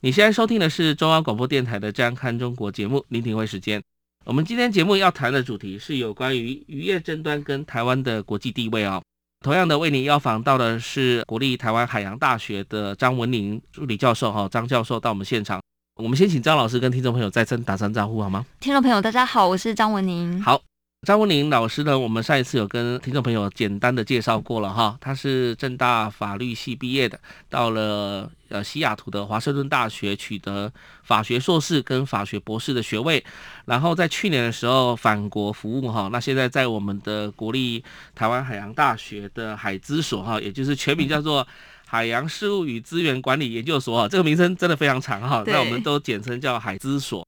你現在收聽的是中央廣播電臺的《這樣看中國》節目，林廷輝時間。我們今天節目要談的主題是有關於漁業爭端跟臺灣的國際地位哦，同樣的，為您邀訪到的是國立臺灣海洋大學的張文寧助理教授哈、哦，張教授到我們現場。我們先請張老師跟聽眾朋友再三打聲招呼好嗎？聽眾朋友大家好，我是張文寧。好。張文寧老師呢，我們上一次有跟聽眾朋友簡單的介紹過了哈，他是政大法律系畢業的，到了呃西雅圖的華盛頓大學取得法學碩士跟法學博士的學位，然後在去年的時候返國服務哈，那現在在我們的國立台灣海洋大學的海資所哈，也就是全名叫做海洋事務與資源管理研究所哈，這個名稱真的非常長哈，對那我們都簡稱叫海資所。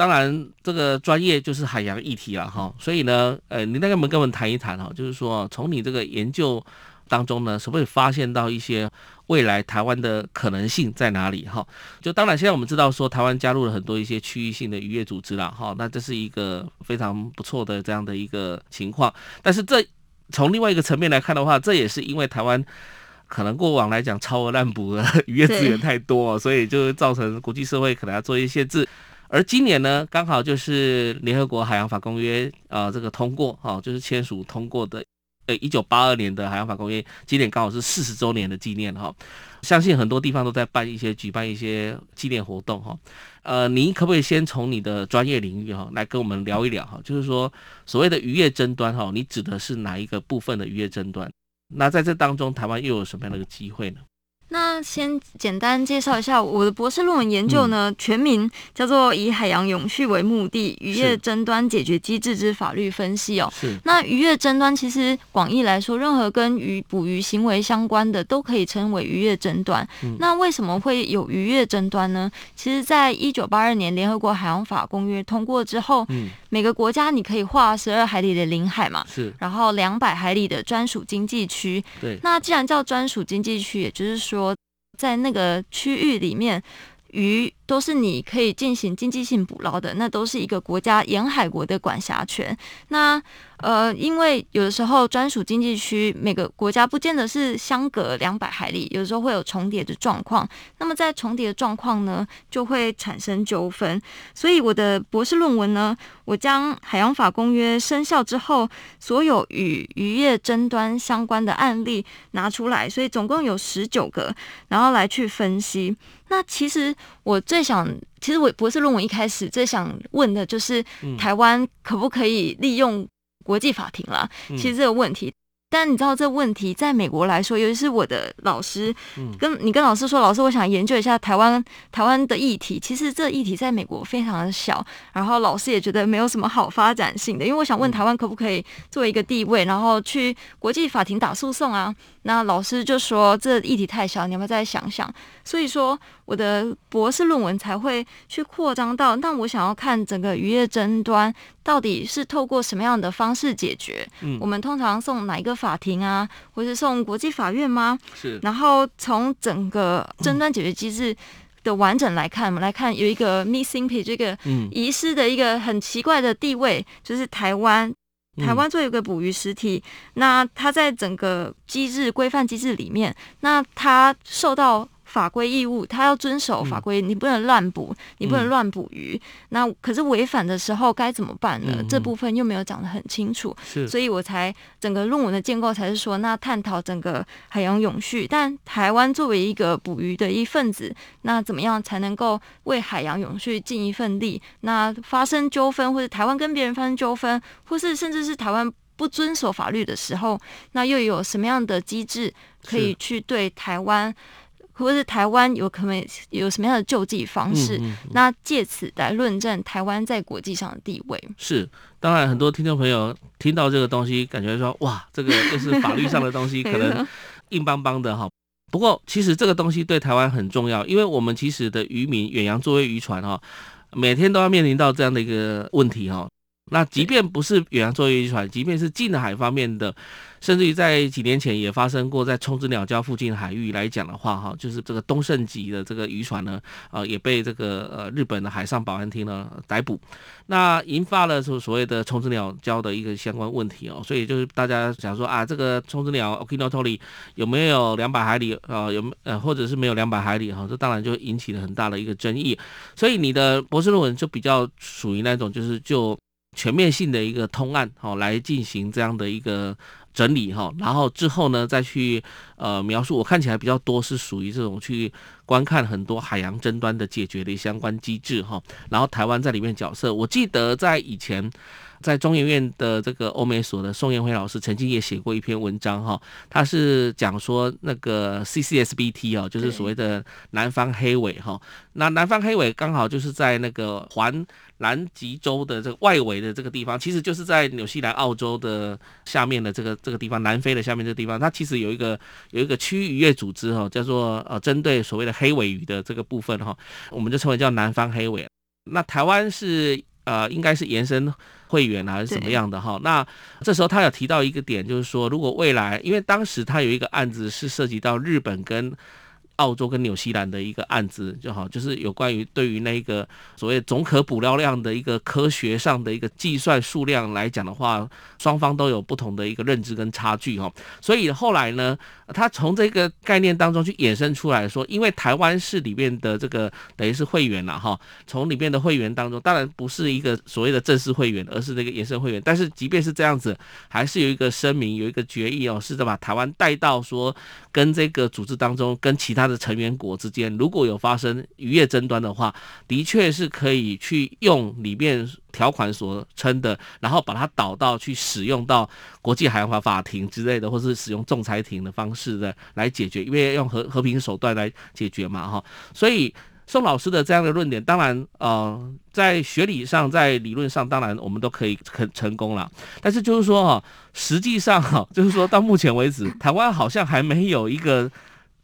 當然，這個專業就是海洋議題了、啊、哈，所以呢，呃，你那個門跟我們談一談哈、啊，就是說，從你這個研究當中呢，是不是發現到一些未來台灣的可能性在哪裡哈？就當然，現在我們知道說台灣加入了很多一些區域性的漁業組織了、啊、哈，那這是一個非常不錯的這樣的一個情況，但是這從另外一個層面來看的話，這也是因為台灣可能過往來講超額濫捕的漁業資源太多，對所以就造成國際社會可能要做一些限制。而今年呢，剛好就是聯合國海洋法公約啊、呃，這個通過哈、哦，就是簽署通過的，呃，一九八二年的海洋法公約，今年剛好是四十周年的紀念哈、哦，相信很多地方都在辦一些舉辦一些紀念活動哈、哦，呃，你可不可以先從你的專業領域哈、哦、來跟我們聊一聊哈，就是說所謂的漁業爭端哈、哦，你指的是哪一個部分的漁業爭端？那在這當中，台灣又有什麼樣的一個機會呢？那先簡單介紹一下我的博士論文研究呢，嗯。全名叫做《以海洋永續為目的漁業爭端解決機制之法律分析》哦。是。那漁業爭端其實廣義來說，任何跟魚捕魚行為相關的都可以稱為漁業爭端。嗯。那為什麼會有漁業爭端呢？其實在，在一九八二年聯合國海洋法公約通過之後，嗯。每個國家你可以劃十二海里的領海嘛，是，然後兩百海里的專屬經濟區。對，那既然叫專屬經濟區，也就是說，在那個區域裡面，魚都是你可以進行經濟性捕撈的，那都是一個國家沿海國的管轄權。那呃，因為有的時候專屬經濟區每個國家不見得是相隔兩百海里，有時候會有重疊的狀況。那麼在重疊的狀況呢，就會產生糾紛。所以我的博士論文呢，我將海洋法公約生效之後所有與漁業爭端相關的案例拿出來，所以總共有十九個，然後來去分析。那其實。我最想，其實我博士論文一開始最想問的就是，台灣可不可以利用國際法庭啦？嗯、其實這個問題，但你知道，這個問題在美國來說，尤其是我的老師，跟你跟老師說，老師，我想研究一下台灣台灣的議題。其實這議題在美國非常的小，然後老師也覺得沒有什麼好發展性的。因為我想問台灣可不可以做一個地位，然後去國際法庭打訴訟啊？那老師就說，這議題太小，你要不要再想想？所以說我的博士論文才會去擴張到，那我想要看整個漁業爭端到底是透過什麼樣的方式解決？嗯，我們通常送哪一個法庭啊，或是送國際法院嗎？是。然後從整個爭端解決機制的完整來看，我們來看有一個 missing piece，這個遺失的一個很奇怪的地位，就是台灣。台灣做一個捕魚實體，嗯、那它在整個機制規範機制裡面，那它受到。法規義務，他要遵守法規，嗯、你不能亂捕，你不能亂捕魚。嗯、那可是違反的時候該怎麼辦呢？嗯、這部分又沒有講得很清楚，是所以我才整個論文的建構才是說，那探討整個海洋永續。嗯、但台灣作為一個捕魚的一份子，那怎麼樣才能夠為海洋永續盡一份力？那發生糾紛，或是台灣跟別人發生糾紛，或是甚至是台灣不遵守法律的時候，那又有什麼樣的機制可以去對台灣？或者是台灣有可能有什麼樣的救濟方式？嗯嗯嗯，那借此來論證台灣在國際上的地位。是，當然很多聽眾朋友聽到這個東西，感覺說哇，這個就是法律上的東西， 可能硬邦邦的哈。 不過其實這個東西對台灣很重要，因為我們其實的漁民遠洋作業漁船哈，每天都要面臨到這樣的一個問題哈。那即便不是遠洋作業漁船，即便是近海方面的，甚至於在幾年前也發生過，在沖之鳥礁附近海域來講的話，哈，就是這個東聖吉的這個漁船呢，啊、呃，也被這個呃日本的海上保安廳呢逮捕，那引發了所所謂的沖之鳥礁的一個相關問題哦，所以就是大家想說啊，這個沖之鳥 Okinotori、ok、有沒有兩百海里？啊、哦，有呃，或者是沒有兩百海里？哈、哦，這當然就引起了很大的一個爭議，所以你的博士論文就比較屬於那種就是就。全面性的一個通案，來進行這樣的一個整理，然後之後呢，再去呃描述。我看起來比較多是屬於這種去觀看很多海洋爭端的解決的相關機制，然後台灣在裡面角色。我記得在以前。在中研院的這個歐美所的宋燕輝老師曾經也寫過一篇文章哈，他是講說那個 CCSBT 哦，就是所謂的南方黑鮪哈。對那南方黑鮪剛好就是在那個環南極洲的這個外圍的這個地方，其實就是在紐西蘭、澳洲的下面的這個這個地方，南非的下面這個地方，它其實有一個有一個區域漁業組織哈，叫做呃針對所謂的黑鮪魚的這個部分哈，我們就稱為叫南方黑鮪。那台灣是呃應該是延伸。會員還是什麼樣的哈？對那這時候他有提到一個點，就是說，如果未來，因為當時他有一個案子是涉及到日本跟。澳洲跟紐西蘭的一個案子就好，就是有關於對於那個所謂總可捕料量的一個科學上的一個計算數量來講的話，雙方都有不同的一個認知跟差距哈。所以後來呢，他從這個概念當中去衍生出來說，因為台灣是裡面的這個等於是會員了、啊、哈，從裡面的會員當中，當然不是一個所謂的正式會員，而是那個衍生會員。但是即便是這樣子，還是有一個聲明，有一個決議哦，是在把台灣帶到說跟這個組織當中，跟其他。成員國之間如果有發生漁業爭端的話，的確是可以去用裡面條款所稱的，然後把它導到去使用到國際海洋法法庭之類的，或是使用仲裁庭的方式的來解決，因為用和和平手段來解決嘛，哈。所以宋老師的這樣的論點，當然呃，在學理上、在理論上，當然我們都可以很成功了。但是就是說哈，實際上哈，就是說到目前為止，台灣好像還沒有一個。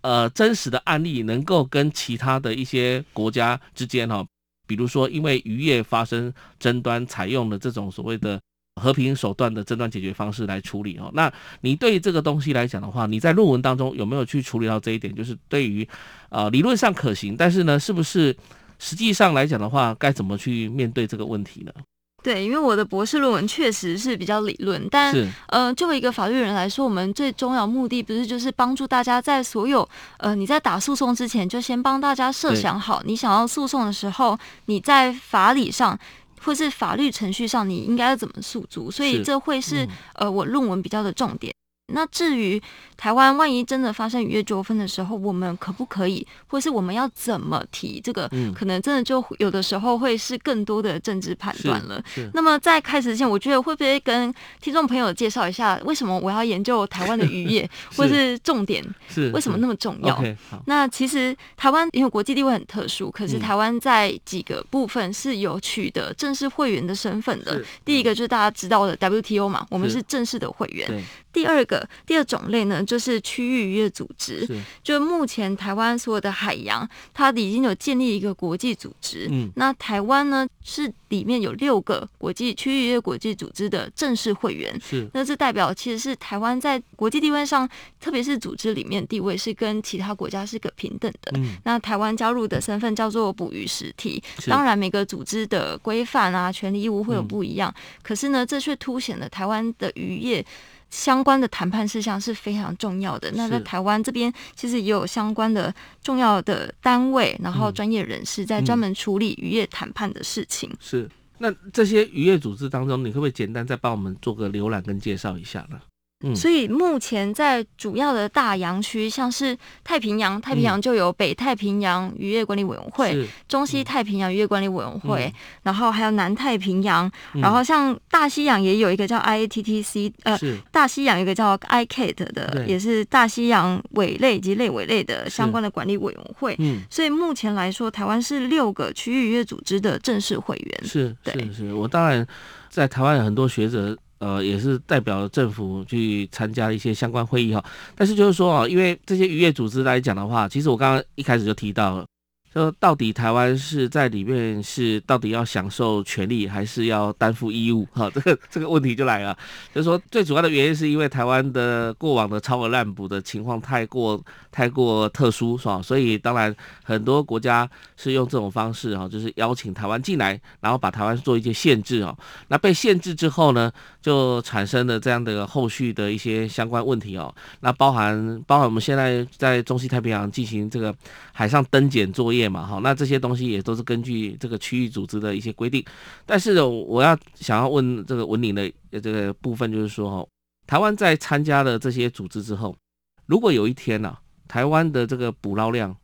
呃，真實的案例能夠跟其他的一些國家之間哈，比如說因為漁業發生爭端，採用了這種所謂的和平手段的爭端解決方式來處理哦。那你對這個東西來講的話，你在論文當中有沒有去處理到這一點？就是對於，呃，理論上可行，但是呢，是不是實際上來講的話，該怎麼去面對這個問題呢？對，因為我的博士論文確實是比較理論，但，是呃，作為一個法律人來說，我們最重要目的不是就是幫助大家在所有，呃，你在打訴訟之前，就先幫大家設想好，你想要訴訟的時候，對你在法理上或是法律程序上，你應該要怎麼訴諸，所以這會是，是嗯、呃，我論文比較的重點。那至於台灣，萬一真的發生漁業糾紛的時候，我們可不可以，或是我們要怎麼提這個？嗯，可能真的就有的時候會是更多的政治判斷了。那麼在開始之前，我覺得會不會跟聽眾朋友介紹一下，為什麼我要研究台灣的漁業， 是或是重點，是是，為什麼那麼重要？Okay, 好那其實台灣因為國際地位很特殊，可是台灣在幾個部分是有取得正式會員的身份的。是第一個就是大家知道的 WTO 嘛，是我們是正式的會員。第二個、第二種類呢，就是區域漁業組織。是就目前台灣所有的海洋，它已經有建立一個國際組織。嗯，那台灣呢是裡面有六個國際區域漁業國際組織的正式會員。是，那這代表其實是台灣在國際地位上，特別是組織裡面地位是跟其他國家是個平等的。嗯，那台灣加入的身份叫做捕魚實體。是當然，每個組織的規範啊，權利義務會有不一樣。嗯、可是呢，這卻凸顯了台灣的漁業。相關的談判事項是非常重要的。那在台灣這邊，其實也有相關的重要的單位，然後專業人士在專門處理漁業談判的事情。是，那這些漁業組織當中，你會不會簡單再幫我們做個瀏覽跟介紹一下呢？嗯、所以目前在主要的大洋區，像是太平洋，太平洋就有北太平洋漁業管理委員會、嗯嗯、中西太平洋漁業管理委員會，嗯、然後還有南太平洋，嗯、然後像大西洋也有一個叫 IATTC、嗯、呃，是大西洋有一個叫 ICCAT 的，對也是大西洋鮪類以及類鮪類的相關的管理委員會。嗯，所以目前來說，台灣是六個區域漁業組織的正式會員。是，對，是，是，是，我當然在台灣有很多學者。呃，也是代表政府去參加一些相關會議哈，但是就是說啊，因為這些漁業組織來講的話，其實我剛剛一開始就提到了。就到底台灣是在裡面是到底要享受權利還是要擔負義務？哈、啊，這個這個問題就來了。就是說，最主要的原因是因為台灣的過往的超額濫捕的情況太過太過特殊，是、啊、吧？所以當然很多國家是用這種方式，啊，就是邀請台灣進來，然後把台灣做一些限制，哦、啊。那被限制之後呢，就產生了這樣的後續的一些相關問題，哦、啊。那包含包含我們現在在中西太平洋進行這個海上登檢作業。嘛，好，那這些東西也都是根據這個區域組織的一些規定。但是，我要想要問這個文寧的這個部分，就是說，台灣在參加了這些組織之後，如果有一天呢、啊，台灣的這個捕撈量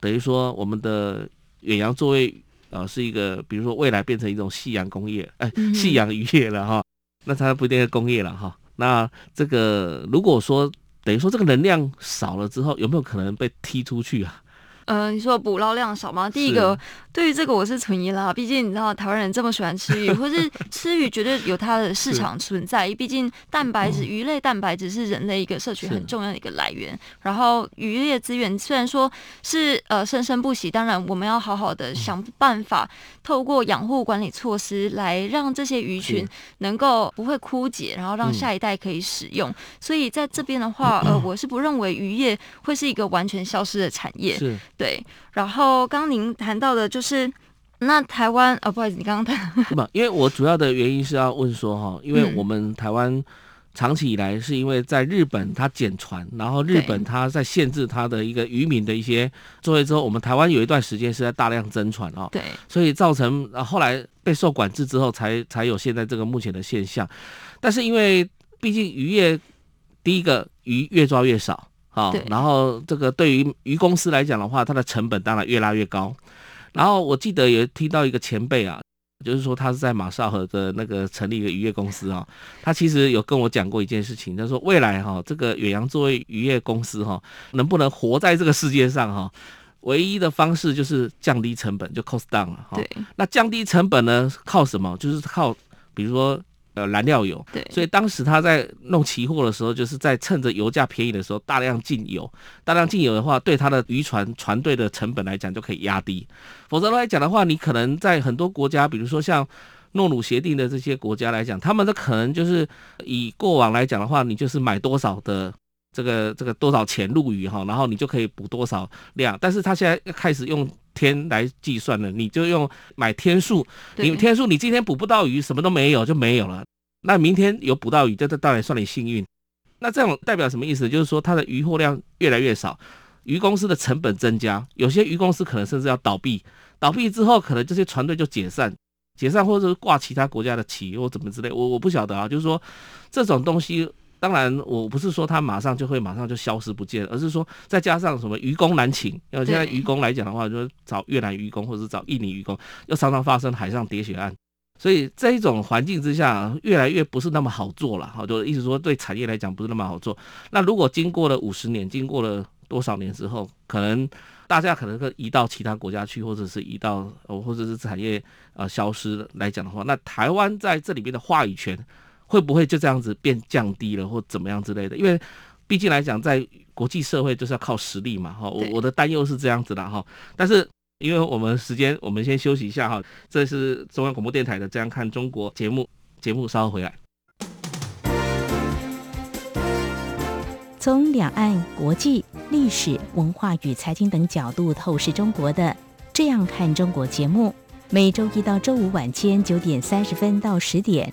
等於說我們的遠洋作業呃是一個，比如說未來變成一種夕陽工業，哎，夕陽漁業了哈，那它不一定是工業了哈。那這個如果說等於說這個能量少了之後，有沒有可能被踢出去啊？呃，你說捕撈量少嗎？第一個，是對於這個我是存疑啦。畢竟你知道，台灣人這麼喜歡吃魚， 或是吃魚絕對有它的市場存在。是畢竟蛋白質，魚類蛋白質是人類一個社群很重要的一個來源。是然後漁業資源雖然說是呃生生不息，當然我們要好好的想辦法，透過養護管理措施來讓這些魚群能夠不會枯竭，是然後讓下一代可以使用。嗯、所以在這邊的話，呃，嗯嗯我是不認為漁業會是一個完全消失的產業。是。對，然後剛您談到的，就是那台灣啊，哦、不好意思，你剛剛談了是吧？因為我主要的原因是要問說哈，因為我們台灣長期以來是因為在日本它減船，然後日本它在限制它的一個漁民的一些作業之後，我們台灣有一段時間是在大量增船啊，對，所以造成後來備受管制之後才，才才有現在這個目前的現象。但是因為畢竟漁業第一個魚越抓越少。好，然後這個對於魚公司來講的話，它的成本當然越拉越高。然後我記得也聽到一個前輩啊，就是說他是在馬紹爾的那個成立一個漁業公司啊，他其實有跟我講過一件事情，他、就是、說未來哈、啊，這個遠洋作為漁業公司哈、啊，能不能活在這個世界上哈、啊，唯一的方式就是降低成本，就 cost down 了哈、啊。對，那降低成本呢，靠什麼？就是靠比如說。呃，燃料油。對，所以當時他在弄期貨的時候，就是在趁着油價便宜的時候大量進油。大量進油的話，對他的漁船船隊的成本來講，就可以壓低。否則來講的話，你可能在很多國家，比如說像諾魯協定的這些國家來講，他們的可能就是以過往來講的話，你就是買多少的這個這個多少錢入魚哈，然後你就可以補多少量。但是他現在開始用。天來計算的，你就用買天數，你天數，你今天捕不到魚，什麼都沒有就沒有了。那明天有捕到魚，這這當然算你幸運。那這種代表什麼意思？就是說它的漁獲量越來越少，漁公司的成本增加，有些漁公司可能甚至要倒閉。倒閉之後，可能這些船隊就解散，解散或者是掛其他國家的旗或怎麼之類。我我不曉得啊，就是說這種東西。當然，我不是說它馬上就會馬上就消失不見，而是說再加上什麼漁工難請。要現在漁工來講的話，就是找越南漁工，或者是找印尼漁工，又常常發生海上喋血案，所以這一種環境之下，越來越不是那麼好做了。好，就意思說對產業來講不是那麼好做。那如果經過了五十年，經過了多少年之後，可能大家可能會移到其他國家去，或者是移到或者是產業啊消失來講的話，那台灣在這裡面的話語權。會不會就這樣子變降低了，或怎麼樣之類的？因為畢竟來講，在國際社會就是要靠實力嘛。哈，我我的擔憂是這樣子的哈。對但是，因為我們時間，我們先休息一下哈。這是中央廣播電臺的《這樣看中國》節目，節目稍後回來。從兩岸、國際、歷史文化與財經等角度透視中國的《這樣看中國》節目，每周一到周五晚間九點三十分到十點。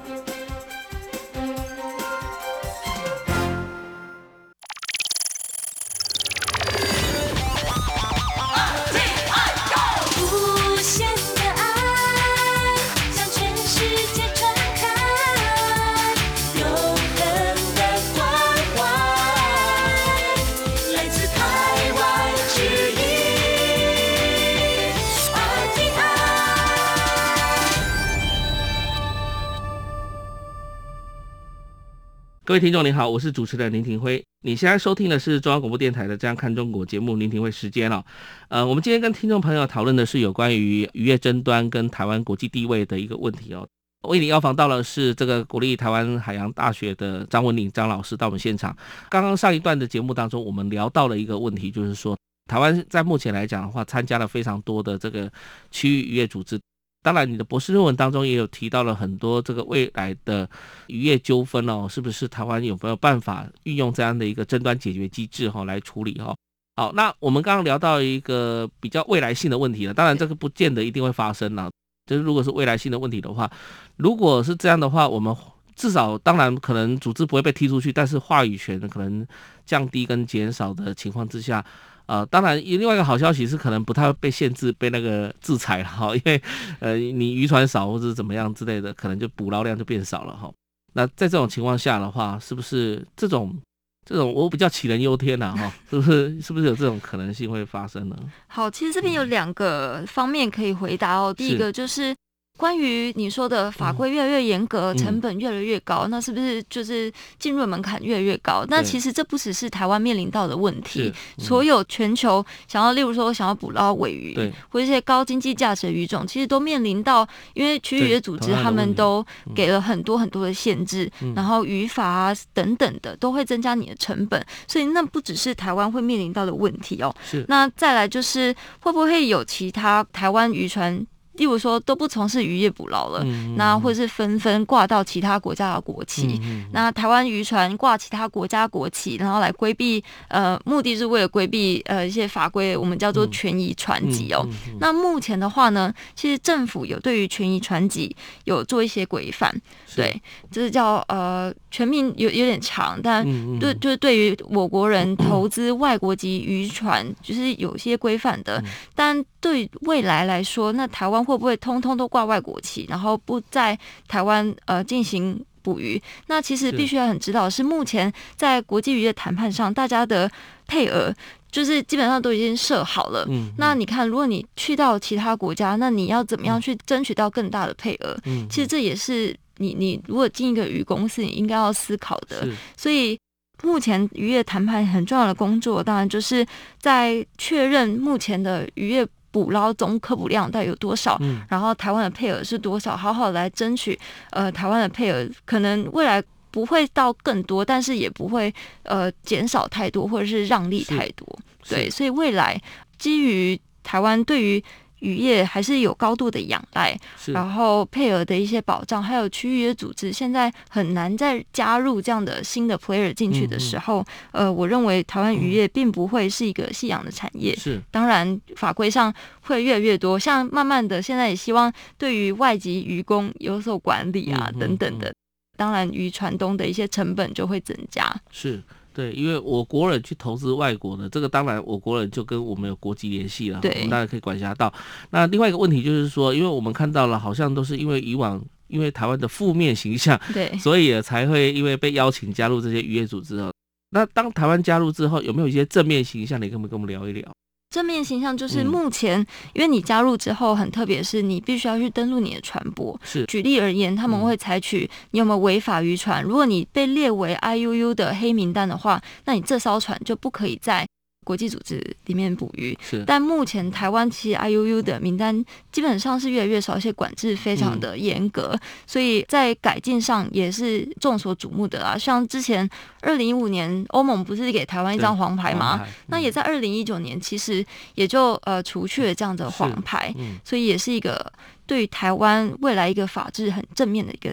各位聽眾您好，我是主持人林廷輝。你現在收聽的是中央廣播電臺的《這樣看中國》節目，林廷輝時間了。呃，我們今天跟聽眾朋友討論的是有關於漁業爭端跟臺灣國際地位的一個問題哦。為你邀訪到了的是這個國立臺灣海洋大學的張文寧張老師到我們現場。剛剛上一段的節目當中，我們聊到了一個問題，就是說臺灣在目前來講的話，參加了非常多的這個區域漁業組織。當然，你的博士論文當中也有提到了很多這個未來的漁業糾紛哦，是不是台灣有沒有辦法運用這樣的一個爭端解決機制哈、哦、來處理哈、哦？好，那我們剛剛聊到一個比較未來性的問題了，當然這個不見得一定會發生呢。就是如果是未來性的問題的話，如果是這樣的話，我們至少當然可能組織不會被踢出去，但是話語權可能降低跟減少的情況之下。啊，當然，另外一個好消息是，可能不太會被限制、被那個制裁了哈。因為，呃，你漁船少或者怎麼樣之類的，可能就捕撈量就變少了哈、哦。那在這種情況下的話，是不是這種這種我比較杞人憂天了、啊、哈？ 是不是？是不是有這種可能性會發生呢？好，其實這邊有兩個方面可以回答哦。嗯、是第一個就是。關於你說的法規越來越嚴格，嗯、成本越來越高，嗯、那是不是就是進入門檻越來越高？對那其實這不只是台灣面臨到的問題，嗯、所有全球想要，例如說想要捕撈鮪魚，對或者一些高經濟價值的魚種，其實都面臨到，因為區域的組織他們都給了很多很多的限制，嗯、然後漁法啊等等的、嗯、都會增加你的成本，所以那不只是台灣會面臨到的問題哦。是，那再來就是會不會有其他台灣漁船？例如說都不從事漁業捕撈了，嗯嗯那或者是紛紛掛到其他國家的國旗，嗯嗯嗯那台灣漁船掛其他國家國旗，然後來規避，呃，目的是為了規避，呃，一些法規，我們叫做權宜船籍哦。那目前的話呢，其實政府有對於權宜船籍有做一些規範，是對，就是叫呃全名有有點長，但對就是對於我國人嗯嗯投資外國籍漁船，就是有些規範的，嗯嗯但對未來來說，那台灣。會不會通通都掛外國旗，然後不在台灣呃進行捕魚？那其實必須要很知道是，是目前在國際漁業談判上，大家的配額就是基本上都已經設好了。嗯、哼那你看，如果你去到其他國家，那你要怎麼樣去爭取到更大的配額？嗯、哼其實這也是你你如果進一個漁公司，你應該要思考的。是所以目前漁業談判很重要的工作，當然就是在確認目前的漁業。捕撈總可捕量，到底有多少？嗯、然後台灣的配額是多少？好好來爭取。呃，台灣的配額可能未來不會到更多，但是也不會呃減少太多，或者是讓利太多。是對，的所以未來基於台灣對於。漁業還是有高度的仰賴，是然後配額的一些保障，還有區域的組織，現在很難再加入這樣的新的 player 進去的時候，嗯嗯呃，我認為台灣漁業並不會是一個夕陽的產業。是、嗯，當然法規上會越來越多，像慢慢的現在也希望對於外籍漁工有所管理啊等等的，嗯嗯嗯當然漁船東的一些成本就會增加。是。對，因為我國人去投資外國的，這個當然我國人就跟我們有國籍聯繫了，對我們當然可以管轄到。那另外一個問題就是說，因為我們看到了，好像都是因為以往因為台灣的負面形象，對，所以才會因為被邀請加入這些漁業組織。那當台灣加入之後，有沒有一些正面形象？你可不可以跟我們聊一聊？正面形象就是目前，嗯、因為你加入之後很特別，是，你必須要去登錄你的船舶。是，舉例而言，他們會採取你有沒有違法漁船。如果你被列為 IUU 的黑名單的話，那你這艘船就不可以再。國際組織裡面捕魚，是但目前台灣其實 I U U 的名單基本上是越來越少，而且管制非常的嚴格，嗯、所以在改進上也是眾所矚目的啦。像之前二零一五年歐盟不是給台灣一張黃牌嗎？牌嗯、那也在二零一九年其實也就呃除去了這樣的黃牌，嗯、所以也是一個對台灣未來一個法治很正面的一個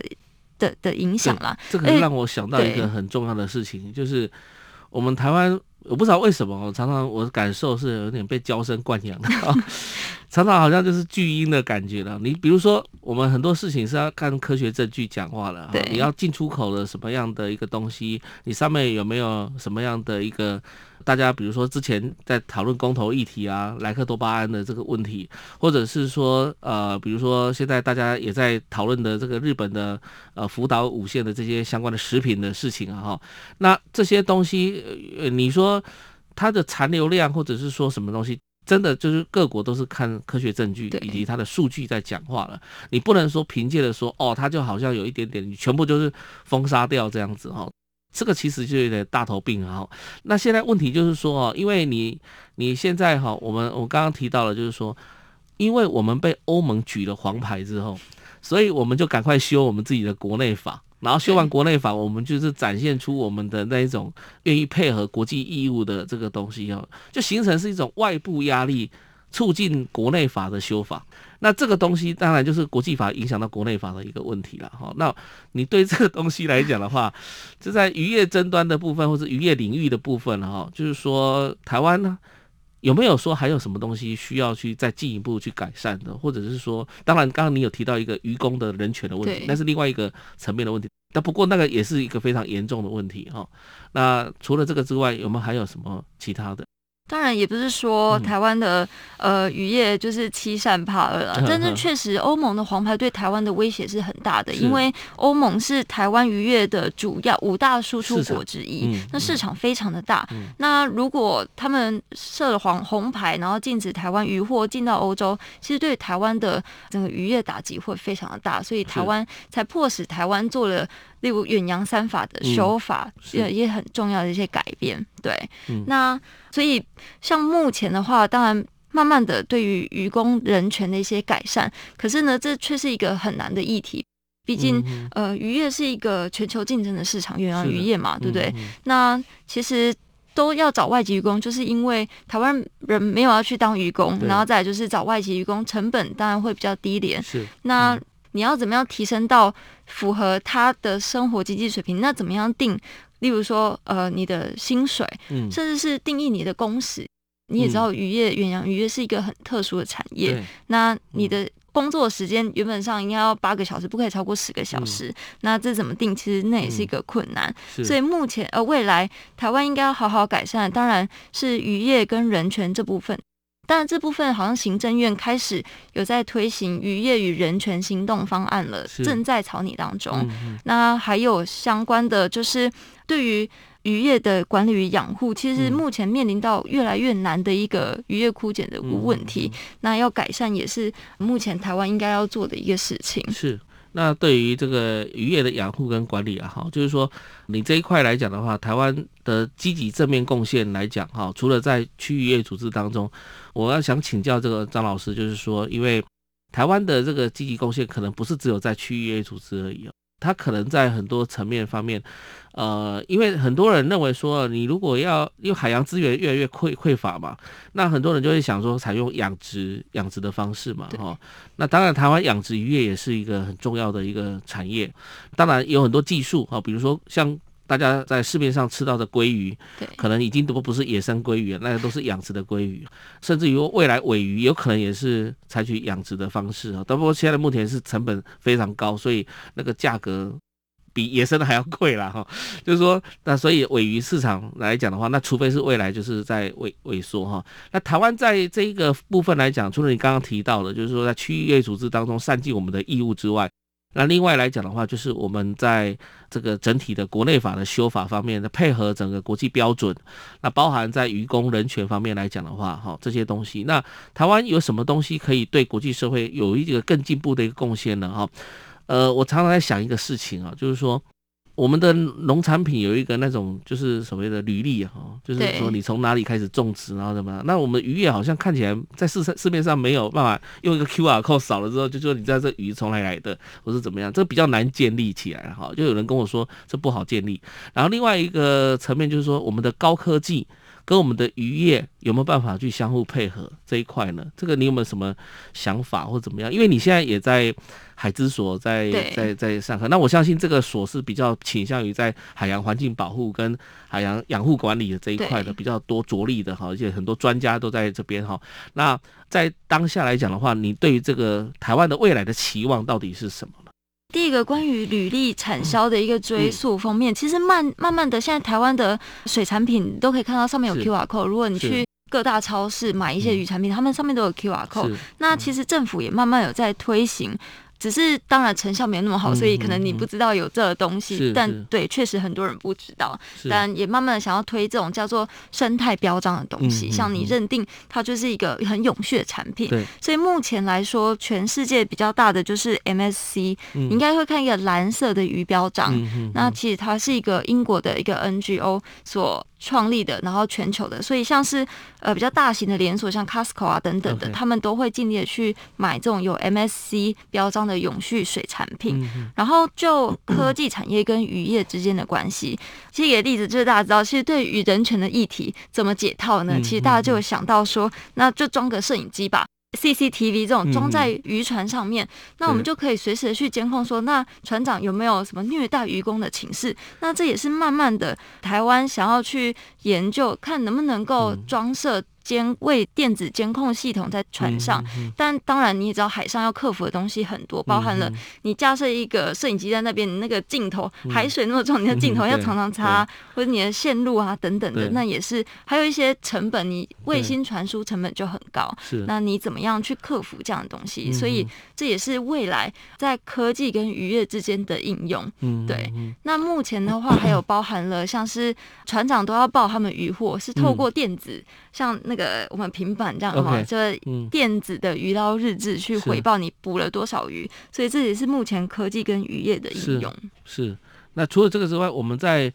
的的、的影響啦。這可讓我想到一個、欸、很重要的事情，就是我們台灣。我不知道為什麼，我常常我的感受是有點被嬌生慣養的啊，常常好像就是巨嬰的感覺了。你比如說，我們很多事情是要看科學證據講話了，啊，你要進出口的什麼樣的一個東西，你上面有沒有什麼樣的一個。大家比如說之前在討論公投議題啊，萊克多巴胺的這個問題，或者是說呃，比如說現在大家也在討論的這個日本的呃福島五縣的這些相關的食品的事情啊哈、哦，那這些東西，呃，你說它的殘留量，或者是說什麼東西，真的就是各國都是看科學證據以及它的數據在講話了，對你不能說憑借着說哦，它就好像有一點點，你全部就是封殺掉這樣子哈。哦這個其實就有點大頭病啊！那現在問題就是說啊，因為你你現在哈，我們我剛剛提到了，就是說，因為我們被歐盟舉了黃牌之後，所以我們就趕快修我們自己的國內法，然後修完國內法，我們就是展現出我們的那一種願意配合國際義務的這個東西哦，就形成是一種外部壓力。促進國內法的修法，那這個東西當然就是國際法影響到國內法的一個問題了哈。那你對這個東西來講的話，這在漁業爭端的部分或者漁業領域的部分呢哈，就是說台灣呢有沒有說還有什麼東西需要去再進一步去改善的，或者是說，當然剛剛你有提到一個漁工的人權的問題，那對是另外一個層面的問題，但不過那個也是一個非常嚴重的問題哈。那除了這個之外，有沒有還有什麼其他的？當然也不是說台灣的、嗯、呃漁業就是欺善怕惡了，但確實歐盟的黃牌對台灣的威脅是很大的，是因為歐盟是台灣漁業的主要五大輸出國之一，嗯嗯、那市場非常的大。嗯嗯、那如果他們設了黃紅牌，然後禁止台灣漁獲進到歐洲，其實對台灣的整個漁業打擊會非常的大，所以台灣才迫使台灣做了例如遠洋三法的修法，嗯、也也很重要的一些改變。對，那所以像目前的話，當然慢慢的對於漁工人權的一些改善，可是呢，這卻是一個很難的議題。畢竟，嗯、哼呃，漁業是一個全球競爭的市場，遠洋漁業嘛，的對不對？嗯、哼那其實都要找外籍漁工，就是因為台灣人沒有要去當漁工，對然後再來就是找外籍漁工成本當然會比較低廉。是，嗯、那你要怎麼樣提升到符合他的生活經濟水平？那怎麼樣定？例如說，呃，你的薪水，甚至是定義你的工時，嗯、你也知道漁業、遠洋漁業是一個很特殊的產業。嗯、那你的工作時間原本上應該要八個小時，不可以超過十個小時。嗯、那這怎麼定？其實那也是一個困難。嗯、所以目前呃，未來台灣應該要好好改善，當然是漁業跟人權這部分。但這部分好像行政院開始有在推行漁業與人權行動方案了，是正在草擬當中。嗯嗯，那還有相關的，就是對於漁業的管理與養護，其實目前面臨到越來越難的一個漁業枯竭的無問題。嗯嗯嗯，那要改善，也是目前台灣應該要做的一個事情。是。那對於這個漁業的養護跟管理啊，哈，就是說你這一塊來講的話，台灣的積極正面貢獻來講，哈，除了在區域漁業組織當中，我要想請教這個張老師，就是說，因為台灣的這個積極貢獻可能不是只有在區域漁業組織而已啊、哦。它可能在很多層面方面，呃，因為很多人認為說，你如果要因為海洋資源越來越匱匱乏嘛，那很多人就會想說，採用養殖養殖的方式嘛，哈對、哦。那當然，台灣養殖漁業也是一個很重要的一個產業，當然有很多技術哈、哦，比如說像。大家在市面上吃到的鮭魚，對，可能已經都不是野生鮭魚了，那些都是養殖的鮭魚，甚至於未來鮪魚有可能也是採取養殖的方式啊，只不過現在目前是成本非常高，所以那個價格比野生的還要貴啦。哈。就是說，那所以鮪魚市場來講的話，那除非是未來就是在萎萎縮哈。那台灣在這個部分來講，除了你剛剛提到的，就是說在區域漁業組織當中善盡我們的義務之外。那另外來講的話，就是我們在這個整體的國內法的修法方面的配合整個國際標準，那包含在漁工人權方面，來講的話，哈，這些東西，那台灣有什麼東西可以對國際社會有一個更進步的一個貢獻呢？哈，呃，我常常在想一個事情啊，就是說。我們的農產品有一個那種，就是所謂的履歷哈，就是說你從哪裡開始種植，然後怎麼樣。那我們漁業好像看起來在市市面上沒有辦法用一個 QR code 掃了之後，就說你知道這魚從哪來的，或是怎麼樣，這比較難建立起來哈。就有人跟我說這不好建立。然後另外一個層面就是說我們的高科技。跟我們的漁業有沒有辦法去相互配合這一塊呢？這個你有沒有什麼想法或怎麼樣？因為你現在也在海事所在對在在上課，那我相信這個所是比較傾向於在海洋環境保護跟海洋養護管理的這一塊的比較多着力的哈，而且很多專家都在這邊哈。那在當下來講的話，你對於這個台灣的未來的期望到底是什麼？第一個關於履歷產銷的一個追溯方面，嗯、其實慢慢慢的，現在台灣的水產品都可以看到上面有 QR code 是。如果你去各大超市買一些魚產品，嗯、他們上面都有 QR code 是。那其實政府也慢慢有在推行。只是當然成效沒有那麼好，所以可能你不知道有這個東西，嗯嗯但是是對，確實很多人不知道，是但也慢慢想要推這種叫做生態標章的東西。嗯嗯像你認定它就是一個很永續的產品，嗯嗯所以目前來說，全世界比較大的就是 MSC，嗯，應該會看一個藍色的魚標章。嗯嗯那其實它是一個英國的一個 NGO 所創立的，然後全球的，所以像是呃比較大型的連鎖，像 Costco 啊等等的，Okay. 他們都會盡力的去買這種有 MSC 標章的永續水產品。嗯、哼然後就科技產業跟漁業之間的關係，其實一個例子就是大家知道，其實對於人權的議題怎麼解套呢？嗯、哼其實大家就想到說，那就裝個攝影機吧。CCTV 這種裝在漁船上面，嗯、那我們就可以隨時的去監控，說那船長有沒有什麼虐待漁工的情事，那這也是慢慢的台灣想要去研究，看能不能夠裝設。監為電子監控系統在船上，但當然你也知道，海上要克服的東西很多，包含了你架設一個攝影機在那邊，你那個鏡頭海水那麼重，你的鏡頭要常常擦，或者你的線路啊等等的，那也是還有一些成本，你衛星傳輸成本就很高。是，那你怎麼樣去克服這樣的東西？所以這也是未來在科技跟漁業之間的應用。嗯，對，那目前的話還有包含了像是船長都要報他們漁獲，是透過電子，像那。個我們平板這樣嘛，okay, 嗯、就是電子的魚撈日誌去回報你捕了多少魚，是所以這也是目前科技跟漁業的應用是。是，那除了這個之外，我們在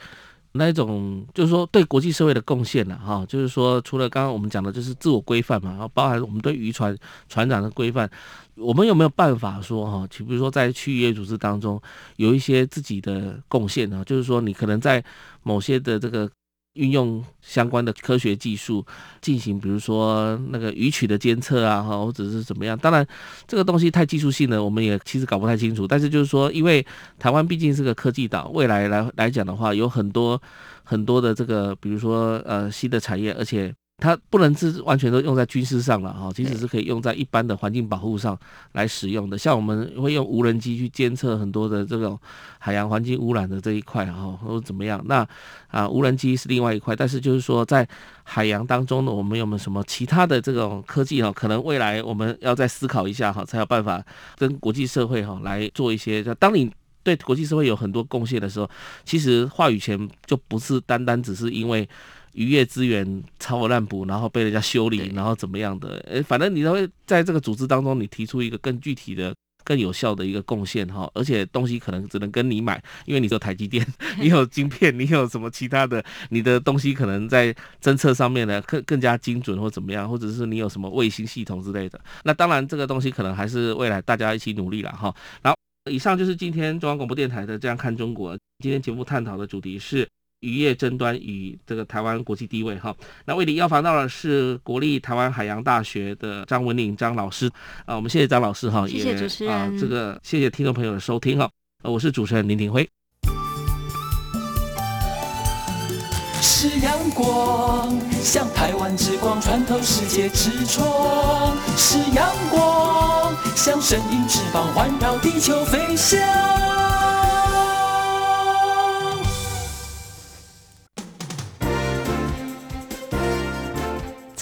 那一種就是說對國際社會的貢獻了、啊。哈、哦，就是說除了剛剛我們講的就是自我規範嘛，然後包含我們對漁船船長的規範，我們有沒有辦法說哈、啊，比如說在區域組織當中有一些自己的貢獻啊，就是說你可能在某些的這個。運用相關的科學技術進行，比如說那個漁區的監測啊，哈，或者是怎麼樣？當然，這個東西太技術性了，我們也其實搞不太清楚。但是就是說，因為台灣畢竟是個科技島，未來來來講的話，有很多很多的這個，比如說呃，新的產業，而且。它不能是完全都用在軍事上了哈，其實是可以用在一般的環境保護上來使用的。像我們會用無人機去監測很多的這種海洋環境污染的這一塊哈，或者怎麼樣？那啊，無人機是另外一塊，但是就是說在海洋當中呢，我們有沒有什麼其他的這種科技哈？可能未來我們要再思考一下哈，才有辦法跟國際社會哈來做一些。當你對國際社會有很多貢獻的時候，其實話語權就不是單單只是因為。漁業資源超過濫捕，然後被人家修理，然後怎麼樣的？對欸、反正你都會在這個組織當中，你提出一個更具體的，更有效的一個貢獻哈。而且東西可能只能跟你買，因為你只有台積電， 你有晶片，你有什麼其他的？你的東西可能在偵測上面呢，更更加精準或怎麼樣？或者是你有什麼衛星系統之類的？那當然，這個東西可能還是未來大家一起努力了哈、哦。然後以上就是今天中央廣播電臺的《這樣看中國》。今天節目探討的主題是。漁業爭端與這個臺灣國際地位哈，那為您邀訪到的是國立臺灣海洋大學的張文寧張老師，啊，我們謝謝張老師哈，也謝謝主持人，啊、這個謝謝聽眾朋友的收聽哈、啊，我是主持人林廷輝。是陽光，像臺灣之光穿透世界之窗；是陽光，像神鷹翅膀環繞地球飛翔。